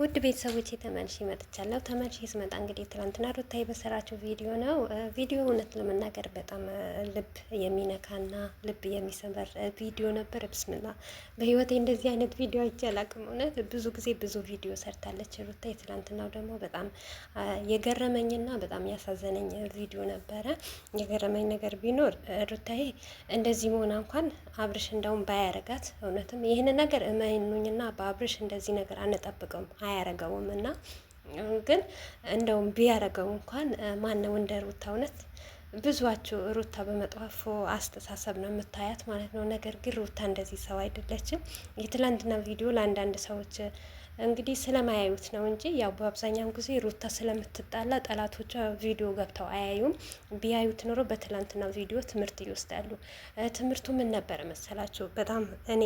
ውድ ቤተሰቦች ተመልሼ መጥቻለሁ። ተመልሼ ስመጣ እንግዲህ ትናንትና ሩታዬ በሰራችው ቪዲዮ ነው። ቪዲዮ እውነት ለመናገር በጣም ልብ የሚነካና ልብ የሚሰበር ቪዲዮ ነበር። ብስምላ በህይወቴ እንደዚህ አይነት ቪዲዮ አይቼ አላቅም። እውነት ብዙ ጊዜ ብዙ ቪዲዮ ሰርታለች ሩታዬ። ትናንትናው ደግሞ በጣም የገረመኝና በጣም ያሳዘነኝ ቪዲዮ ነበረ። የገረመኝ ነገር ቢኖር ሩታዬ እንደዚህ መሆና እንኳን አብርሽ እንደውም ባያረጋት እውነትም ይህን ነገር እመኑኝና በአብርሽ እንደዚህ ነገር አንጠብቅም አያረገውም እና ግን እንደውም ቢያረገው እንኳን ማነው እንደ ሩታ እውነት ብዙዋችሁ ሩታ በመጥፎ አስተሳሰብ ነው የምታያት ማለት ነው። ነገር ግን ሩታ እንደዚህ ሰው አይደለችም። የትላንትና ቪዲዮ ለአንዳንድ ሰዎች እንግዲህ ስለማያዩት ነው እንጂ ያው በአብዛኛውን ጊዜ ሩታ ስለምትጣላ ጠላቶቿ ቪዲዮ ገብተው አያዩም። ቢያዩት ኖሮ በትላንትና ቪዲዮ ትምህርት ይወስዳሉ። ትምህርቱ ምን ነበር መሰላችሁ? በጣም እኔ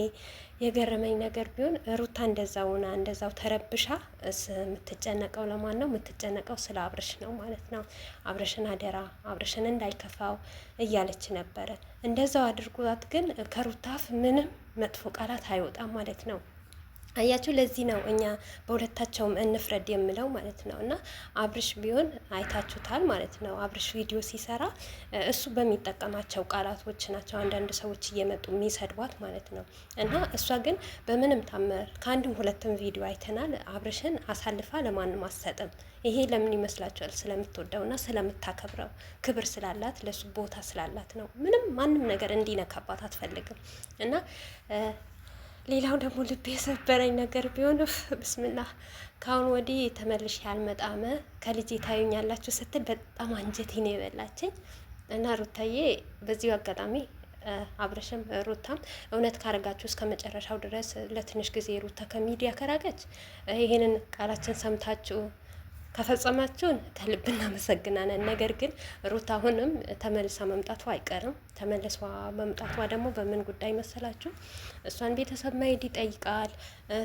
የገረመኝ ነገር ቢሆን ሩታ እንደዛውና እንደዛው ተረብሻ የምትጨነቀው ለማን ነው? የምትጨነቀው ስለ አብረሽ ነው ማለት ነው። አብረሽን አደራ አብረሽን እንዳይከፋው እያለች ነበረ። እንደዛው አድርጓት ግን ከሩታፍ ምንም መጥፎ ቃላት አይወጣም ማለት ነው። አያችሁ ለዚህ ነው እኛ በሁለታቸውም እንፍረድ የምለው ማለት ነው። እና አብርሽ ቢሆን አይታችሁታል ማለት ነው። አብርሽ ቪዲዮ ሲሰራ እሱ በሚጠቀማቸው ቃላቶች ናቸው አንዳንድ ሰዎች እየመጡ የሚሰድቧት ማለት ነው። እና እሷ ግን በምንም ታመር ከአንድም ሁለትም ቪዲዮ አይተናል፣ አብርሽን አሳልፋ ለማንም አትሰጥም። ይሄ ለምን ይመስላችኋል? ስለምትወደውና ስለምታከብረው ክብር ስላላት ለሱ ቦታ ስላላት ነው። ምንም ማንም ነገር እንዲነካባት አትፈልግም እና ሌላው ደግሞ ልብ የሰበረኝ ነገር ቢሆን ብስምላ ከአሁን ወዲህ ተመልሼ ያልመጣመ ከልጄ ታዩኛላችሁ ስትል በጣም አንጀቴ ነው የበላችኝ። እና ሩታዬ በዚሁ አጋጣሚ አብረሽም ሩታም እውነት ካረጋችሁ እስከ መጨረሻው ድረስ ለትንሽ ጊዜ ሩታ ከሚዲያ ከራቀች ይህንን ቃላችን ሰምታችሁ ከፈጸማችሁን ከልብ እናመሰግናለን። ነገር ግን ሩት አሁንም ተመልሳ መምጣቷ አይቀርም። ተመልሷ መምጣቷ ደግሞ በምን ጉዳይ መሰላችሁ? እሷን ቤተሰብ መሄድ ይጠይቃል፣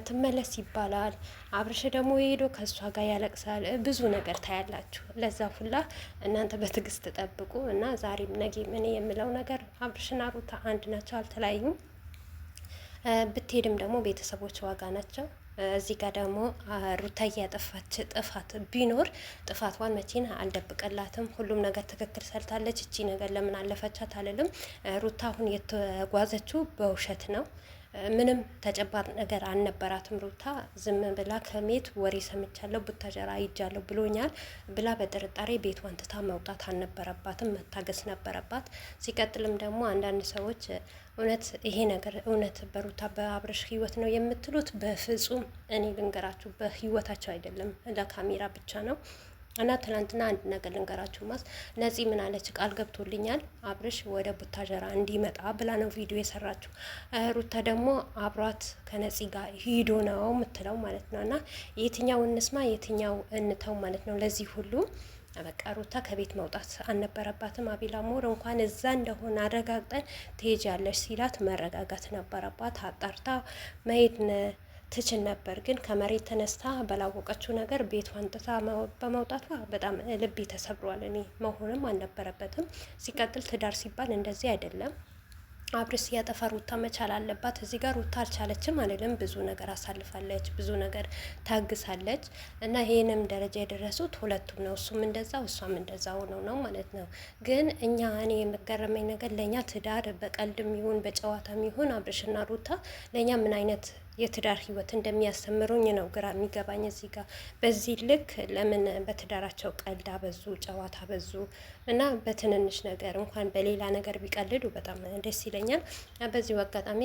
ትመለስ ይባላል። አብርሽ ደግሞ የሄዶ ከእሷ ጋር ያለቅሳል። ብዙ ነገር ታያላችሁ። ለዛ ሁላ እናንተ በትዕግስት ጠብቁ እና ዛሬም ነጌ እኔ የምለው ነገር አብርሽና ሩታ አንድ ናቸው፣ አልተለያዩም። ብትሄድም ደግሞ ቤተሰቦች ዋጋ ናቸው። እዚህ ጋር ደግሞ ሩታ ያጠፋች ጥፋት ቢኖር ጥፋቷን መቼን አልደብቀላትም። ሁሉም ነገር ትክክል ሰርታለች። እቺ ነገር ለምን አለፈቻት አልልም። ሩታ አሁን የተጓዘችው በውሸት ነው። ምንም ተጨባጭ ነገር አልነበራትም። ሩታ ዝም ብላ ከሜት ወሬ ሰምቻለሁ ቡታጀራ ይጃለሁ ብሎኛል ብላ በጥርጣሬ ቤቷን ትታ መውጣት አልነበረባትም፣ መታገስ ነበረባት። ሲቀጥልም ደግሞ አንዳንድ ሰዎች እውነት ይሄ ነገር እውነት በሩታ በአብረሽ ህይወት ነው የምትሉት? በፍጹም እኔ ልንገራችሁ፣ በህይወታቸው አይደለም ለካሜራ ብቻ ነው እና ትናንትና አንድ ነገር ልንገራችሁ ማስ ነፂ ምን አለች? ቃል ገብቶልኛል አብርሽ ወደ ቡታጀራ እንዲመጣ ብላ ነው ቪዲዮ የሰራችሁ። ሩታ ደግሞ አብሯት ከነፂ ጋር ሂዶ ነው የምትለው ማለት ነው። እና የትኛው እንስማ የትኛው እንተው ማለት ነው። ለዚህ ሁሉ በቃ ሩታ ከቤት መውጣት አልነበረባትም። አቢላ ሞር እንኳን እዛ እንደሆነ አረጋግጠን ትሄጃለሽ ሲላት መረጋጋት ነበረባት። አጣርታ መሄድ ትችል ነበር፣ ግን ከመሬት ተነስታ በላወቀችው ነገር ቤቱ አንጥታ በመውጣቷ በጣም ልቤ ተሰብሯል። እኔ መሆንም አልነበረበትም። ሲቀጥል ትዳር ሲባል እንደዚህ አይደለም። አብርሽ ያጠፋ ሩታ መቻል አለባት። እዚህ ጋር ሩታ አልቻለችም አልልም። ብዙ ነገር አሳልፋለች፣ ብዙ ነገር ታግሳለች እና ይህንም ደረጃ የደረሱት ሁለቱም ነው። እሱም እንደዛ እሷም እንደዛ ሆነው ነው ማለት ነው። ግን እኛ እኔ የምገረመኝ ነገር ለእኛ ትዳር በቀልድም ይሁን በጨዋታም ይሁን አብርሽና ሩታ ለእኛ ምን አይነት የትዳር ህይወት እንደሚያስተምሩኝ ነው ግራ የሚገባኝ እዚህ ጋር። በዚህ ልክ ለምን በትዳራቸው ቀልድ አበዙ፣ ጨዋታ አበዙ እና በትንንሽ ነገር እንኳን በሌላ ነገር ቢቀልዱ በጣም ደስ ይለኛል። በዚሁ አጋጣሚ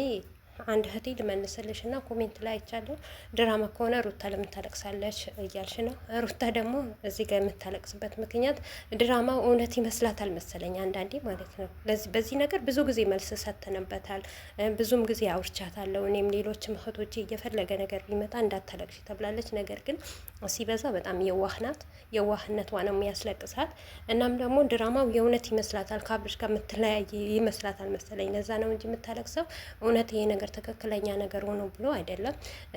አንድ እህቴ ልመልስልሽ እና ኮሜንት ላይ አይቻለሁ። ድራማ ከሆነ ሩታ ለምን ታለቅሳለች እያልሽ ነው። ሩታ ደግሞ እዚህ ጋር የምታለቅስበት ምክንያት ድራማ እውነት ይመስላታል መሰለኝ አንዳንዴ ማለት ነው። በዚህ ነገር ብዙ ጊዜ መልስ ሰተንበታል፣ ብዙም ጊዜ አውርቻታለሁ። እኔም ሌሎችም እህቶቼ እየፈለገ ነገር ቢመጣ እንዳታለቅሽ ተብላለች። ነገር ግን ሲበዛ በጣም የዋህ ናት። የዋህነቷ ነው የሚያስለቅሳት። እናም ደግሞ ድራማው የእውነት ይመስላታል፣ ከአብርሽ ጋር የምትለያይ ይመስላታል መሰለኝ። ለዛ ነው እንጂ የምታለቅሰው እውነት ይሄ ነገር ነገር ትክክለኛ ነገር ሆኖ ብሎ አይደለም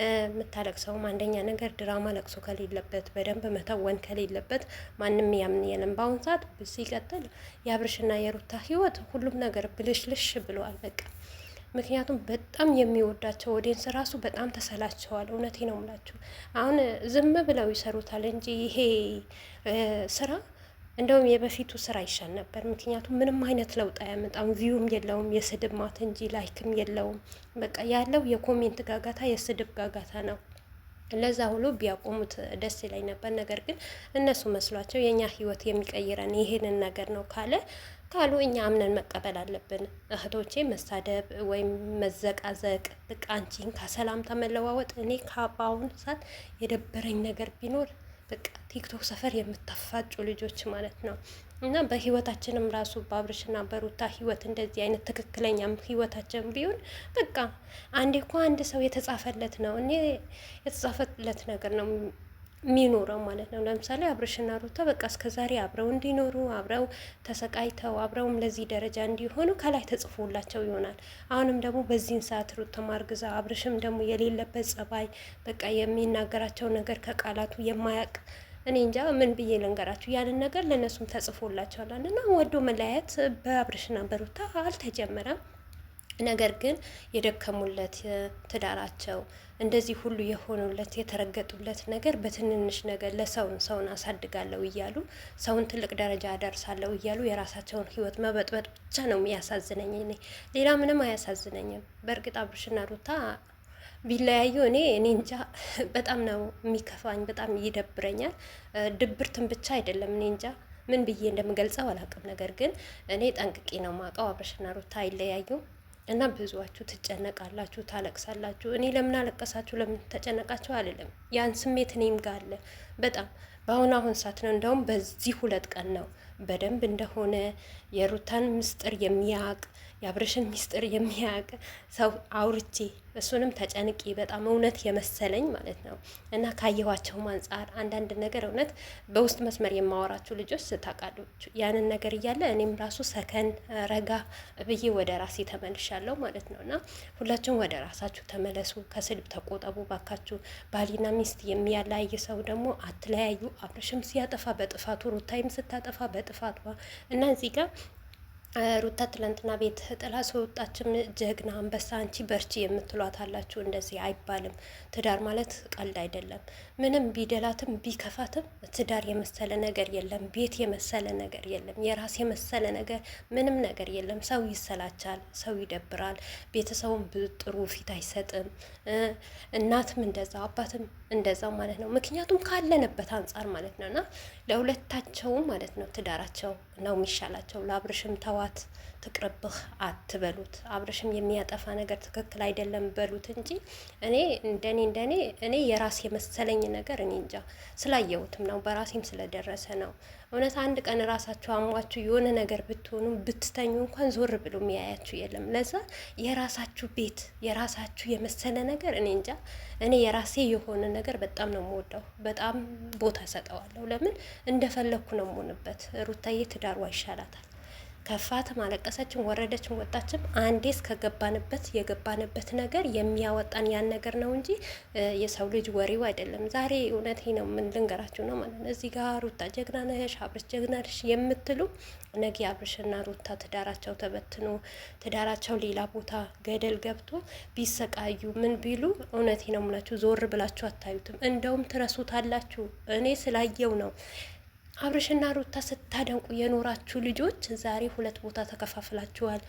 የምታለቅሰውም። አንደኛ ነገር ድራማ ለቅሶ ከሌለበት በደንብ መተወን ከሌለበት ማንም ያምን የለም በአሁን ሰዓት። ሲቀጥል የአብርሽና የሩታ ህይወት ሁሉም ነገር ብልሽልሽ ብለዋል በቃ። ምክንያቱም በጣም የሚወዳቸው ወዴንስ ራሱ በጣም ተሰላቸዋል። እውነቴ ነው ምላችሁ አሁን ዝም ብለው ይሰሩታል እንጂ ይሄ ስራ እንደውም የበፊቱ ስራ ይሻል ነበር። ምክንያቱም ምንም አይነት ለውጥ አያመጣም። ቪውም የለውም፣ የስድብ ማት እንጂ ላይክም የለውም። በቃ ያለው የኮሜንት ጋጋታ፣ የስድብ ጋጋታ ነው። ለዛ ሁሉ ቢያቆሙት ደስ ይለኝ ነበር። ነገር ግን እነሱ መስሏቸው የእኛ ህይወት የሚቀይረን ይሄንን ነገር ነው ካለ ካሉ እኛ አምነን መቀበል አለብን። እህቶቼ መሳደብ ወይም መዘቃዘቅ አንቺን ከሰላምታ መለዋወጥ እኔ ከአባውን ሰዓት የደበረኝ ነገር ቢኖር በቃ ቲክቶክ ሰፈር የምታፋጩ ልጆች ማለት ነው። እና በህይወታችንም ራሱ በአብርሽና በሩታ ህይወት እንደዚህ አይነት ትክክለኛም ህይወታችን ቢሆን በቃ አንዴ እኮ አንድ ሰው የተጻፈለት ነው እኔ የተጻፈለት ነገር ነው የሚኖረው ማለት ነው። ለምሳሌ አብርሽና ሩታ በቃ እስከዛሬ አብረው እንዲኖሩ አብረው ተሰቃይተው አብረውም ለዚህ ደረጃ እንዲሆኑ ከላይ ተጽፎላቸው ይሆናል። አሁንም ደግሞ በዚህን ሰዓት ሩታ ማርግዛ አብርሽም ደግሞ የሌለበት ጸባይ፣ በቃ የሚናገራቸው ነገር ከቃላቱ የማያቅ እኔ እንጃ ምን ብዬ ልንገራችሁ። ያንን ነገር ለእነሱም ተጽፎላቸዋል እና ወዶ መለያየት በአብርሽና በሩታ አልተጀመረም። ነገር ግን የደከሙለት ትዳራቸው እንደዚህ ሁሉ የሆኑለት የተረገጡለት ነገር በትንንሽ ነገር ለሰውን ሰውን አሳድጋለሁ እያሉ ሰውን ትልቅ ደረጃ አደርሳለሁ እያሉ የራሳቸውን ህይወት መበጥበጥ ብቻ ነው የሚያሳዝነኝ። እኔ ሌላ ምንም አያሳዝነኝም። በእርግጥ አብርሽና ሩታ ቢለያዩ እኔ እኔ እንጃ በጣም ነው የሚከፋኝ፣ በጣም ይደብረኛል። ድብርትን ብቻ አይደለም እኔ እንጃ ምን ብዬ እንደምገልጸው አላውቅም። ነገር ግን እኔ ጠንቅቄ ነው ማውቀው አብርሽና ሩታ አይለያዩም። እና ብዙዋችሁ ትጨነቃላችሁ፣ ታለቅሳላችሁ። እኔ ለምን አለቀሳችሁ ለምን ተጨነቃችሁ አልልም። ያን ስሜት እኔም ጋር አለ በጣም በአሁን አሁን ሰዓት ነው። እንደውም በዚህ ሁለት ቀን ነው በደንብ እንደሆነ የሩታን ምስጢር የሚያውቅ የአብረሽን ሚስጥር የሚያውቅ ሰው አውርቼ እሱንም ተጨንቄ በጣም እውነት የመሰለኝ ማለት ነው። እና ካየኋቸውም አንጻር አንዳንድ ነገር እውነት በውስጥ መስመር የማወራችሁ ልጆች ስታውቃላችሁ፣ ያንን ነገር እያለ እኔም ራሱ ሰከን ረጋ ብዬ ወደ ራሴ ተመልሻለሁ ማለት ነው። እና ሁላችሁም ወደ ራሳችሁ ተመለሱ፣ ከስድብ ተቆጠቡ ባካችሁ። ባሊና ሚስት የሚያለያይ ሰው ደግሞ አትለያዩ። አብረሽም ሲያጠፋ በጥፋቱ ሩታይም ስታጠፋ በጥፋቷ እና እዚህ ጋር ሩታ ትላንትና ቤት ጥላ ሰወጣችም ጀግና አንበሳ አንቺ በርቺ የምትሏት አላችሁ። እንደዚህ አይባልም። ትዳር ማለት ቀልድ አይደለም። ምንም ቢደላትም ቢከፋትም ትዳር የመሰለ ነገር የለም። ቤት የመሰለ ነገር የለም። የራስ የመሰለ ነገር ምንም ነገር የለም። ሰው ይሰላቻል፣ ሰው ይደብራል። ቤተሰቡን ጥሩ ፊት አይሰጥም። እናትም እንደዛ አባትም እንደዛው ማለት ነው። ምክንያቱም ካለንበት አንጻር ማለት ነው እና ለሁለታቸውም ማለት ነው ትዳራቸው ነው የሚሻላቸው። ለአብርሽም ተዋት ትቅርብህ አትበሉት፣ አብርሽም የሚያጠፋ ነገር ትክክል አይደለም በሉት እንጂ እኔ እንደኔ እንደኔ እኔ የራስ የመሰለኝ ነገር እኔ እንጃ ስላየሁትም ነው በራሴም ስለደረሰ ነው እውነት አንድ ቀን ራሳችሁ አሟችሁ የሆነ ነገር ብትሆኑ ብትተኙ እንኳን ዞር ብሎ የሚያያችሁ የለም። ለዛ የራሳችሁ ቤት የራሳችሁ የመሰለ ነገር እኔ እንጃ። እኔ የራሴ የሆነ ነገር በጣም ነው የምወዳው፣ በጣም ቦታ ሰጠዋለሁ። ለምን እንደፈለግኩ ነው የምሆንበት። ሩታዬ ትዳሯ ይሻላታል። ከፋት ማለቀሰችን ወረደችን ወጣችም አንዴስ ከገባንበት የገባንበት ነገር የሚያወጣን ያን ነገር ነው እንጂ የሰው ልጅ ወሬው አይደለም። ዛሬ እውነት ነው ምን ልንገራችሁ ነው ማለት ነው። እዚህ ጋር ሩታ ጀግና ነሽ፣ አብርሽ ጀግና ነሽ የምትሉ ነገ አብርሽና ሩታ ትዳራቸው ተበትኖ ትዳራቸው ሌላ ቦታ ገደል ገብቶ ቢሰቃዩ ምን ቢሉ እውነት ነው ምላችሁ ዞር ብላችሁ አታዩትም። እንደውም ትረሱታላችሁ። እኔ ስላየው ነው አብረሽና ሩታ ስታደንቁ የኖራችሁ ልጆች ዛሬ ሁለት ቦታ ተከፋፍላችኋል።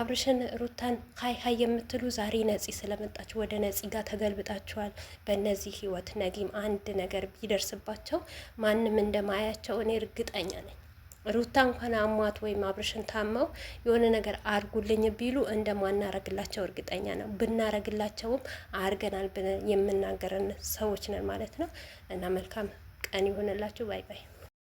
አብርሽን ሩታን ሀይ ሀይ የምትሉ ዛሬ ነጺ ስለመጣችሁ ወደ ነጺ ጋር ተገልብጣችኋል። በእነዚህ ህይወት ነጊም አንድ ነገር ቢደርስባቸው ማንም እንደማያቸው እኔ እርግጠኛ ነኝ። ሩታ እንኳን አሟት ወይም አብርሽን ታመው የሆነ ነገር አርጉልኝ ቢሉ እንደማናረግላቸው እርግጠኛ ነው። ብናረግላቸውም አርገናል ብለን የምናገረን ሰዎች ነን ማለት ነው እና መልካም ቀን ይሆንላችሁ። ባይ ባይ።